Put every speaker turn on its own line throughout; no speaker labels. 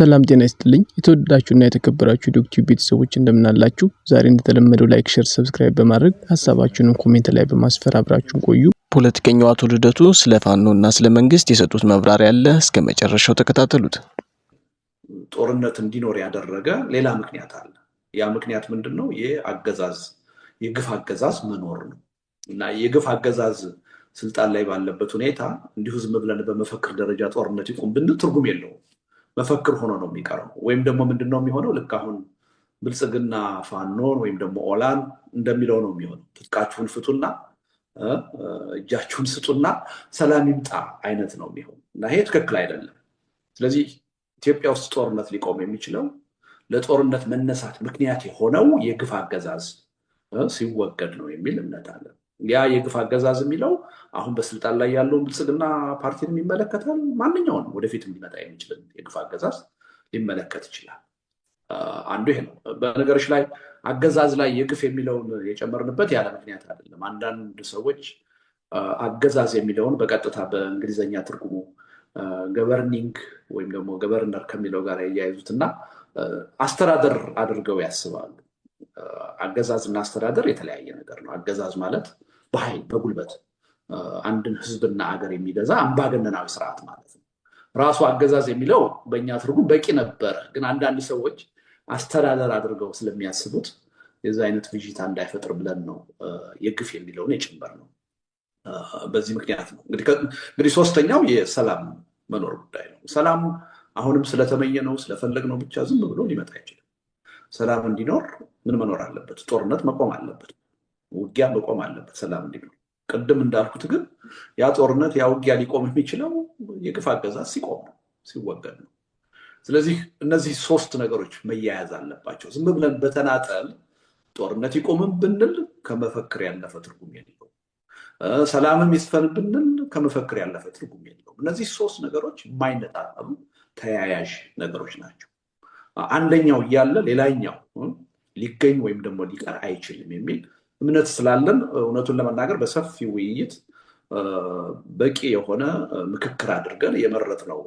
ሰላም ጤና ይስጥልኝ የተወደዳችሁና የተከበራችሁ ዶክቲው ቤተሰቦች እንደምናላችሁ። ዛሬ እንደተለመደው ላይክ፣ ሸር፣ ሰብስክራይብ በማድረግ ሀሳባችሁንም ኮሜንት ላይ በማስፈር አብራችሁን ቆዩ።
ፖለቲከኛው አቶ ልደቱ ስለ ፋኖ እና ስለ መንግስት የሰጡት መብራር አለ። እስከ መጨረሻው ተከታተሉት።
ጦርነት እንዲኖር ያደረገ ሌላ ምክንያት አለ። ያ ምክንያት ምንድን ነው? የአገዛዝ የግፍ አገዛዝ መኖር ነው እና የግፍ አገዛዝ ስልጣን ላይ ባለበት ሁኔታ እንዲሁ ዝም ብለን በመፈክር ደረጃ ጦርነት ይቁም ብንል ትርጉም የለውም። መፈክር ሆኖ ነው የሚቀረው። ወይም ደግሞ ምንድን ነው የሚሆነው? ልክ አሁን ብልጽግና ፋኖን ወይም ደግሞ ኦላን እንደሚለው ነው የሚሆነው። ትጥቃችሁን ፍቱና እጃችሁን ስጡና ሰላም ይምጣ አይነት ነው የሚሆን እና ይሄ ትክክል አይደለም። ስለዚህ ኢትዮጵያ ውስጥ ጦርነት ሊቆም የሚችለው ለጦርነት መነሳት ምክንያት የሆነው የግፍ አገዛዝ ሲወገድ ነው የሚል እምነት አለን። ያ የግፍ አገዛዝ የሚለው አሁን በስልጣን ላይ ያለውን ብልጽግና ፓርቲን ይመለከታል። ማንኛውንም ወደፊት ሊመጣ የሚችልን የግፍ አገዛዝ ሊመለከት ይችላል። አንዱ ይሄ ነው። በነገሮች ላይ አገዛዝ ላይ የግፍ የሚለውን የጨመርንበት ያለ ምክንያት አይደለም። አንዳንድ ሰዎች አገዛዝ የሚለውን በቀጥታ በእንግሊዝኛ ትርጉሙ ገቨርኒንግ ወይም ደግሞ ገቨርነር ከሚለው ጋር ያያይዙትና አስተዳደር አድርገው ያስባሉ። አገዛዝ እና አስተዳደር የተለያየ ነገር ነው። አገዛዝ ማለት በኃይል በጉልበት አንድን ህዝብና አገር የሚገዛ አምባገነናዊ ስርዓት ማለት ነው። ራሱ አገዛዝ የሚለው በእኛ ትርጉም በቂ ነበረ። ግን አንዳንድ ሰዎች አስተዳደር አድርገው ስለሚያስቡት የዚ አይነት ብዥታ እንዳይፈጥር ብለን ነው የግፍ የሚለውን የጭምር ነው። በዚህ ምክንያት ነው እንግዲህ ሶስተኛው የሰላም መኖር ጉዳይ ነው። ሰላም አሁንም ስለተመኘ ነው ስለፈለግ ነው ብቻ ዝም ብሎ ሊመጣ አይችልም። ሰላም እንዲኖር ምን መኖር አለበት? ጦርነት መቆም አለበት። ውጊያ መቆም አለበት ሰላም እንዲኖር። ቅድም እንዳልኩት ግን ያ ጦርነት ያ ውጊያ ሊቆም የሚችለው የግፍ አገዛዝ ሲቆም ነው፣ ሲወገድ ነው። ስለዚህ እነዚህ ሶስት ነገሮች መያያዝ አለባቸው። ዝም ብለን በተናጠል ጦርነት ይቆምም ብንል ከመፈክር ያለፈ ትርጉም የለው። ሰላምም ይስፈን ብንል ከመፈክር ያለፈ ትርጉም የለው። እነዚህ ሶስት ነገሮች የማይነጣጠሉ ተያያዥ ነገሮች ናቸው። አንደኛው እያለ ሌላኛው ሊገኝ ወይም ደግሞ ሊቀር አይችልም የሚል እምነት ስላለን እውነቱን ለመናገር በሰፊ ውይይት በቂ የሆነ ምክክር አድርገን የመረጥ ነው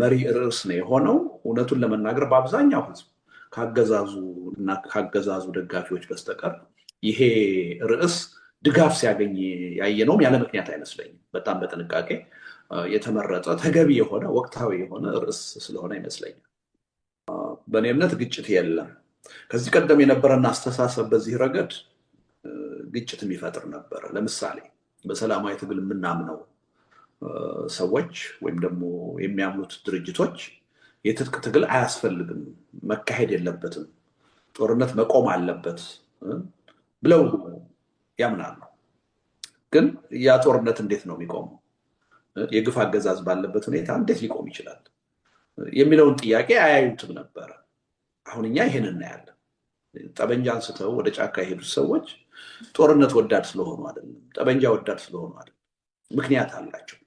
መሪ ርዕስ ነው የሆነው። እውነቱን ለመናገር በአብዛኛው ህዝብ ካገዛዙ እና ካገዛዙ ደጋፊዎች በስተቀር ይሄ ርዕስ ድጋፍ ሲያገኝ ያየነውም ያለ ምክንያት አይመስለኝም። በጣም በጥንቃቄ የተመረጠ ተገቢ የሆነ ወቅታዊ የሆነ ርዕስ ስለሆነ ይመስለኛል። በእኔ እምነት ግጭት የለም። ከዚህ ቀደም የነበረን አስተሳሰብ በዚህ ረገድ ግጭት የሚፈጥር ነበር ለምሳሌ በሰላማዊ ትግል የምናምነው ሰዎች ወይም ደግሞ የሚያምኑት ድርጅቶች የትጥቅ ትግል አያስፈልግም፣ መካሄድ የለበትም፣ ጦርነት መቆም አለበት ብለው ያምናሉ። ግን ያ ጦርነት እንዴት ነው የሚቆመው? የግፍ አገዛዝ ባለበት ሁኔታ እንዴት ሊቆም ይችላል? የሚለውን ጥያቄ አያዩትም ነበር አሁን እኛ ይሄን እናያለን። ጠበንጃ አንስተው ወደ ጫካ የሄዱት ሰዎች ጦርነት ወዳድ ስለሆኑ አይደለም፣ ጠበንጃ ወዳድ ስለሆኑ አይደለም። ምክንያት አላቸው።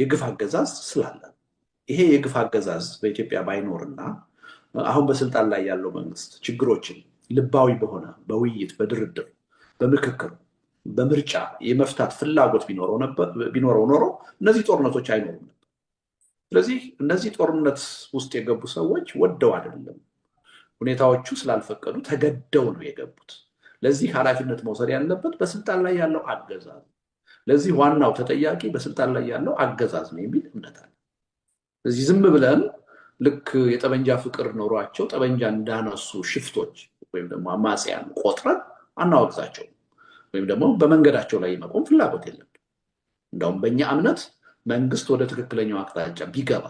የግፍ አገዛዝ ስላለ ይሄ የግፍ አገዛዝ በኢትዮጵያ ባይኖርና አሁን በስልጣን ላይ ያለው መንግስት ችግሮችን ልባዊ በሆነ በውይይት፣ በድርድር፣ በምክክር፣ በምርጫ የመፍታት ፍላጎት ቢኖረው ኖሮ እነዚህ ጦርነቶች አይኖሩም ነበር። ስለዚህ እነዚህ ጦርነት ውስጥ የገቡ ሰዎች ወደው አይደለም፣ ሁኔታዎቹ ስላልፈቀዱ ተገደው ነው የገቡት። ለዚህ ኃላፊነት መውሰድ ያለበት በስልጣን ላይ ያለው አገዛዝ፣ ለዚህ ዋናው ተጠያቂ በስልጣን ላይ ያለው አገዛዝ ነው የሚል እምነት አለ። ስለዚህ ዝም ብለን ልክ የጠመንጃ ፍቅር ኖሯቸው ጠመንጃ እንዳነሱ ሽፍቶች ወይም ደግሞ አማጽያን ቆጥረን አናወግዛቸው ወይም ደግሞ በመንገዳቸው ላይ መቆም ፍላጎት የለም። እንደውም በእኛ እምነት መንግስት ወደ ትክክለኛው አቅጣጫ ቢገባ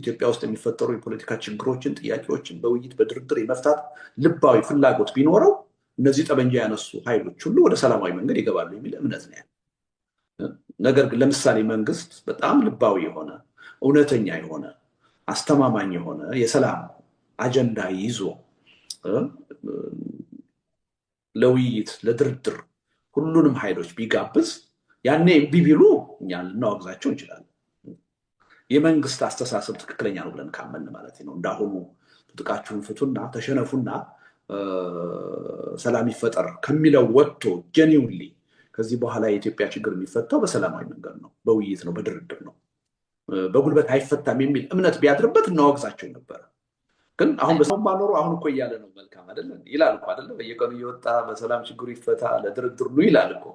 ኢትዮጵያ ውስጥ የሚፈጠሩ የፖለቲካ ችግሮችን፣ ጥያቄዎችን በውይይት በድርድር የመፍታት ልባዊ ፍላጎት ቢኖረው እነዚህ ጠመንጃ ያነሱ ኃይሎች ሁሉ ወደ ሰላማዊ መንገድ ይገባሉ የሚል እምነት ነው ያለ። ነገር ግን ለምሳሌ መንግስት በጣም ልባዊ የሆነ እውነተኛ የሆነ አስተማማኝ የሆነ የሰላም አጀንዳ ይዞ ለውይይት ለድርድር ሁሉንም ኃይሎች ቢጋብዝ ያኔ እምቢ ቢሉ እኛ ልናወግዛቸው እንችላለን። የመንግስት አስተሳሰብ ትክክለኛ ነው ብለን ካመን ማለት ነው። እንዳሁኑ ትጥቃችሁን ፍቱና ተሸነፉና ሰላም ይፈጠር ከሚለው ወጥቶ ጀኒውንሊ ከዚህ በኋላ የኢትዮጵያ ችግር የሚፈታው በሰላማዊ መንገድ ነው፣ በውይይት ነው፣ በድርድር ነው፣ በጉልበት አይፈታም የሚል እምነት ቢያድርበት እናወግዛቸው ነበረ። ግን አሁን በሰው ማኖሩ አሁን እኮ እያለ ነው መልካም አይደለም ይላል እኮ አይደለም በየቀኑ እየወጣ በሰላም ችግሩ ይፈታ ለድርድር ነው ይላል እኮ።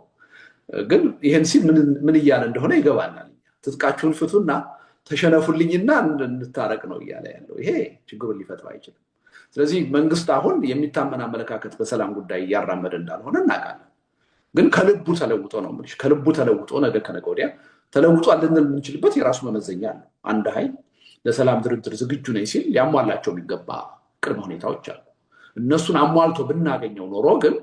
ግን ይህን ሲል ምን እያለ እንደሆነ ይገባናል። ትጥቃችሁን ፍቱና ተሸነፉልኝና እንታረቅ ነው እያለ ያለው። ይሄ ችግሩን ሊፈጥረው አይችልም። ስለዚህ መንግስት አሁን የሚታመን አመለካከት በሰላም ጉዳይ እያራመደ እንዳልሆነ እናውቃለን። ግን ከልቡ ተለውጦ ነው የምልሽ፣ ከልቡ ተለውጦ ነገ ከነገ ወዲያ ተለውጦ ልንል የምንችልበት የራሱ መመዘኛ አለው። አንድ ኃይል ለሰላም ድርድር ዝግጁ ነኝ ሲል ሊያሟላቸው የሚገባ ቅድመ ሁኔታዎች አሉ። እነሱን አሟልቶ ብናገኘው ኖሮ ግን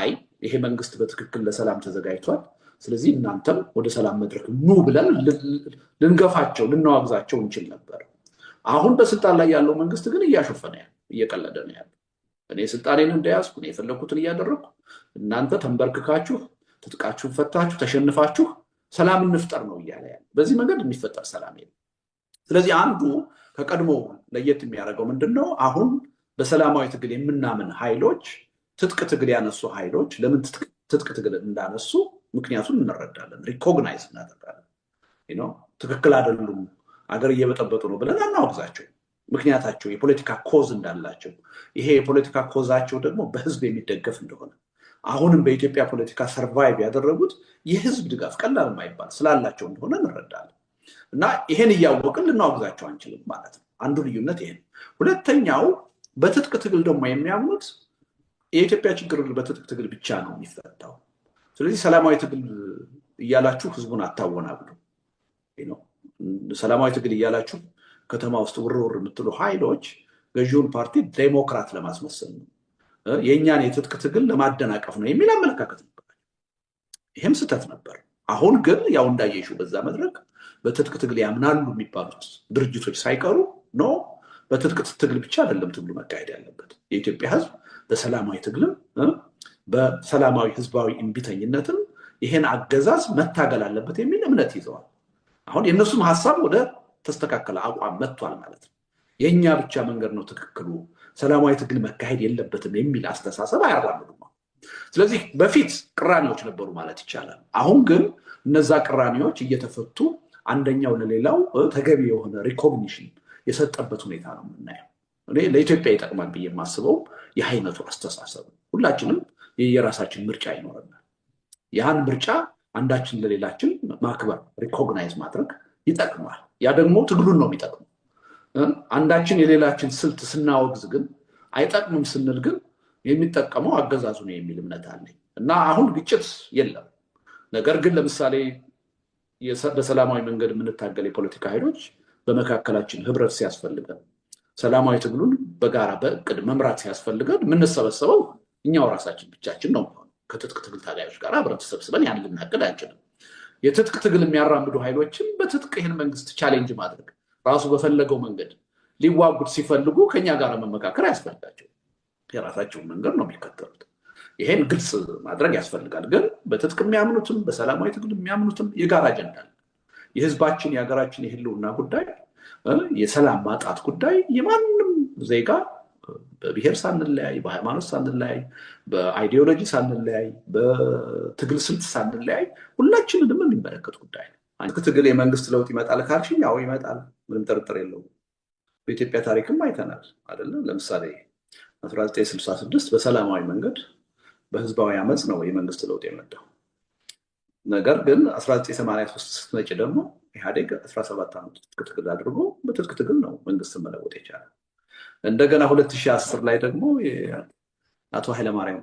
አይ ይሄ መንግስት በትክክል ለሰላም ተዘጋጅቷል፣ ስለዚህ እናንተም ወደ ሰላም መድረክ ኑ ብለን ልንገፋቸው፣ ልናዋግዛቸው እንችል ነበር። አሁን በስልጣን ላይ ያለው መንግስት ግን እያሸፈነ ያለ እየቀለደ ነው ያለ። እኔ ስልጣኔን እንደያዝኩ እኔ የፈለግኩትን እያደረግኩ እናንተ ተንበርክካችሁ ትጥቃችሁን ፈታችሁ ተሸንፋችሁ ሰላም እንፍጠር ነው እያለ ያለ። በዚህ መንገድ የሚፈጠር ሰላም የለም። ስለዚህ አንዱ ከቀድሞ ለየት የሚያደርገው ምንድን ነው? አሁን በሰላማዊ ትግል የምናምን ኃይሎች ትጥቅ ትግል ያነሱ ኃይሎች ለምን ትጥቅ ትግል እንዳነሱ ምክንያቱን እንረዳለን፣ ሪኮግናይዝ እናደርጋለን። ትክክል አይደሉም አገር እየበጠበጡ ነው ብለን አናወግዛቸው። ምክንያታቸው የፖለቲካ ኮዝ እንዳላቸው ይሄ የፖለቲካ ኮዛቸው ደግሞ በህዝብ የሚደገፍ እንደሆነ አሁንም በኢትዮጵያ ፖለቲካ ሰርቫይቭ ያደረጉት የህዝብ ድጋፍ ቀላል የማይባል ስላላቸው እንደሆነ እንረዳለን እና ይሄን እያወቅን ልናወግዛቸው አንችልም ማለት ነው። አንዱ ልዩነት ይሄ ሁለተኛው በትጥቅ ትግል ደግሞ የሚያምኑት የኢትዮጵያ ችግር በትጥቅ ትግል ብቻ ነው የሚፈታው። ስለዚህ ሰላማዊ ትግል እያላችሁ ህዝቡን አታወናብዱ። ሰላማዊ ትግል እያላችሁ ከተማ ውስጥ ውርውር የምትሉ ኃይሎች ገዢውን ፓርቲ ዴሞክራት ለማስመሰል ነው፣ የእኛን የትጥቅ ትግል ለማደናቀፍ ነው የሚል አመለካከት ነበር። ይህም ስህተት ነበር። አሁን ግን ያው እንዳየሹ በዛ መድረክ በትጥቅ ትግል ያምናሉ የሚባሉት ድርጅቶች ሳይቀሩ ነው በትጥቅ ትግል ብቻ አይደለም ትግሉ መካሄድ ያለበት። የኢትዮጵያ ሕዝብ በሰላማዊ ትግልም በሰላማዊ ህዝባዊ እምቢተኝነትም ይሄን አገዛዝ መታገል አለበት የሚል እምነት ይዘዋል። አሁን የእነሱም ሀሳብ ወደ ተስተካከለ አቋም መጥቷል ማለት ነው። የእኛ ብቻ መንገድ ነው ትክክሉ፣ ሰላማዊ ትግል መካሄድ የለበትም የሚል አስተሳሰብ አያራምዱም። ስለዚህ በፊት ቅራኔዎች ነበሩ ማለት ይቻላል። አሁን ግን እነዛ ቅራኔዎች እየተፈቱ አንደኛው ለሌላው ተገቢ የሆነ ሪኮግኒሽን የሰጠበት ሁኔታ ነው የምናየው። እኔ ለኢትዮጵያ ይጠቅማል ብዬ የማስበው ይህ አይነቱ አስተሳሰብ ሁላችንም የራሳችን ምርጫ ይኖረናል። ያህን ምርጫ አንዳችን ለሌላችን ማክበር ሪኮግናይዝ ማድረግ ይጠቅማል። ያ ደግሞ ትግሉን ነው የሚጠቅመው። አንዳችን የሌላችን ስልት ስናወግዝ ግን አይጠቅምም ስንል ግን የሚጠቀመው አገዛዙ ነው የሚል እምነት አለኝ እና አሁን ግጭት የለም። ነገር ግን ለምሳሌ በሰላማዊ መንገድ የምንታገል የፖለቲካ ኃይሎች በመካከላችን ህብረት ሲያስፈልገን፣ ሰላማዊ ትግሉን በጋራ በእቅድ መምራት ሲያስፈልገን የምንሰበሰበው እኛው ራሳችን ብቻችን ነው። ከትጥቅ ትግል ታጋዮች ጋር አብረን ተሰብስበን ያን ልናቅድ አንችልም። የትጥቅ ትግል የሚያራምዱ ኃይሎችን በትጥቅ ይህን መንግስት ቻሌንጅ ማድረግ ራሱ በፈለገው መንገድ ሊዋጉት ሲፈልጉ ከኛ ጋር መመካከር ያስፈልጋቸው የራሳቸውን መንገድ ነው የሚከተሉት። ይሄን ግልጽ ማድረግ ያስፈልጋል። ግን በትጥቅ የሚያምኑትም በሰላማዊ ትግል የሚያምኑትም የጋራ አጀንዳ የህዝባችን የሀገራችን የህልውና ጉዳይ፣ የሰላም ማጣት ጉዳይ የማንም ዜጋ በብሔር ሳንለያይ፣ በሃይማኖት ሳንለያይ፣ በአይዲዮሎጂ ሳንለያይ፣ በትግል ስልት ሳንለያይ ሁላችንንም የሚመለከት ጉዳይ ነው። ትግል የመንግስት ለውጥ ይመጣል ካልሽኝ፣ ያው ይመጣል፣ ምንም ጥርጥር የለውም። በኢትዮጵያ ታሪክም አይተናል አይደለ? ለምሳሌ 1966 በሰላማዊ መንገድ በህዝባዊ አመፅ ነው የመንግስት ለውጥ የመጣው። ነገር ግን 1983 ስትመጪ ደግሞ ኢህአዴግ 17 ዓመት ትጥቅ ትግል አድርጎ በትጥቅ ትግል ነው መንግስትን መለወጥ የቻለ። እንደገና 2010 ላይ ደግሞ አቶ ኃይለማርያም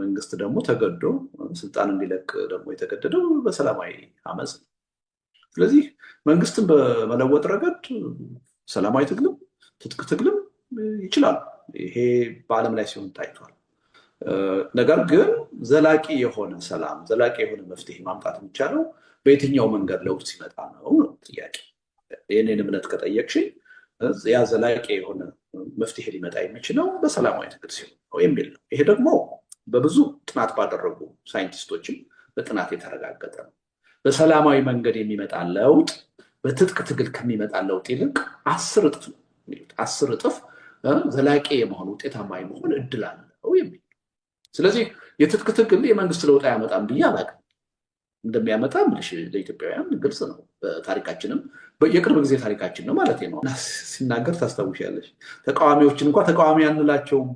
መንግስት ደግሞ ተገዶ ስልጣን እንዲለቅ ደግሞ የተገደደው በሰላማዊ አመፅ ነው። ስለዚህ መንግስትን በመለወጥ ረገድ ሰላማዊ ትግልም ትጥቅ ትግልም ይችላሉ። ይሄ በዓለም ላይ ሲሆን ታይቷል። ነገር ግን ዘላቂ የሆነ ሰላም ዘላቂ የሆነ መፍትሄ ማምጣት የሚቻለው በየትኛው መንገድ ለውጥ ሲመጣ ነው ነው ጥያቄ። ይህንን እምነት ከጠየቅሽኝ ያ ዘላቂ የሆነ መፍትሄ ሊመጣ የሚችለው በሰላማዊ ትግል ሲሆን የሚል ነው። ይሄ ደግሞ በብዙ ጥናት ባደረጉ ሳይንቲስቶችም በጥናት የተረጋገጠ ነው። በሰላማዊ መንገድ የሚመጣ ለውጥ በትጥቅ ትግል ከሚመጣ ለውጥ ይልቅ አስር እጥፍ ነው የሚሉት አስር እጥፍ ዘላቂ የመሆን ውጤታማ የመሆን እድል አለው የሚል ስለዚህ የትጥቅ ትግል የመንግስት ለውጥ አያመጣም ብዬ አላቅም። እንደሚያመጣ ምልሽ ለኢትዮጵያውያን ግልጽ ነው። ታሪካችንም የቅርብ ጊዜ ታሪካችን ነው ማለት ነው። እና ሲናገር ታስታውሻለሽ፣ ተቃዋሚዎችን እንኳ ተቃዋሚ አንላቸውም፣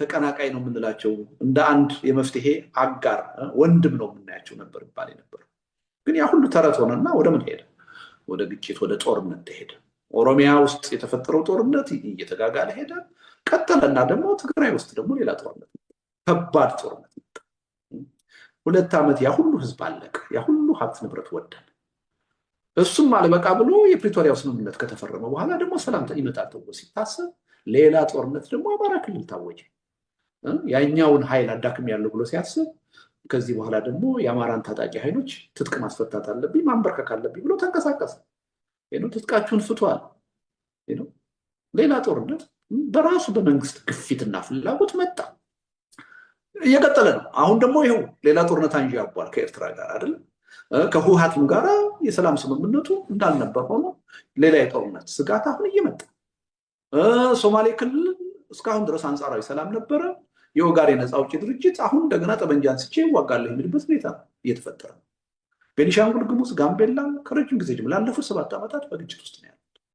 ተቀናቃይ ነው የምንላቸው። እንደ አንድ የመፍትሄ አጋር ወንድም ነው የምናያቸው ነበር ይባል ነበር። ግን ያ ሁሉ ተረት ሆነና ወደ ምን ሄደ? ወደ ግጭት፣ ወደ ጦርነት ሄደ ኦሮሚያ ውስጥ የተፈጠረው ጦርነት እየተጋጋለ ሄደ፣ ቀጠለና ደግሞ ትግራይ ውስጥ ደግሞ ሌላ ጦርነት፣ ከባድ ጦርነት ሁለት ዓመት ያሁሉ ህዝብ አለቀ፣ ያሁሉ ሀብት ንብረት ወደን። እሱም አለበቃ ብሎ የፕሪቶሪያው ስምምነት ከተፈረመ በኋላ ደግሞ ሰላም ይመጣል ተብሎ ሲታሰብ ሌላ ጦርነት ደግሞ አማራ ክልል ታወጀ። ያኛውን ኃይል አዳክም ያለው ብሎ ሲያስብ ከዚህ በኋላ ደግሞ የአማራን ታጣቂ ኃይሎች ትጥቅ ማስፈታት አለብኝ ማንበርከክ አለብኝ ብሎ ተንቀሳቀሰ። ትጥቃችሁን ፍቷል። ሌላ ጦርነት በራሱ በመንግስት ግፊትና ፍላጎት መጣ። እየቀጠለ ነው። አሁን ደግሞ ይኸው ሌላ ጦርነት ያቧል ከኤርትራ ጋር አይደለም። ከህወሓትም ጋር የሰላም ስምምነቱ እንዳልነበር ሆኖ ሌላ የጦርነት ስጋት አሁን እየመጣ ሶማሌ ክልል እስካሁን ድረስ አንጻራዊ ሰላም ነበረ። የወጋር ነፃ አውጪ ድርጅት አሁን እንደገና ጠመንጃ አንስቼ እዋጋለሁ የሚልበት ሁኔታ እየተፈጠረ ነው። ቤኒሻንጉል ጉሙዝ፣ ጋምቤላ ከረጅም ጊዜ ጅም ላለፉት ሰባት ዓመታት በግጭት ውስጥ ነው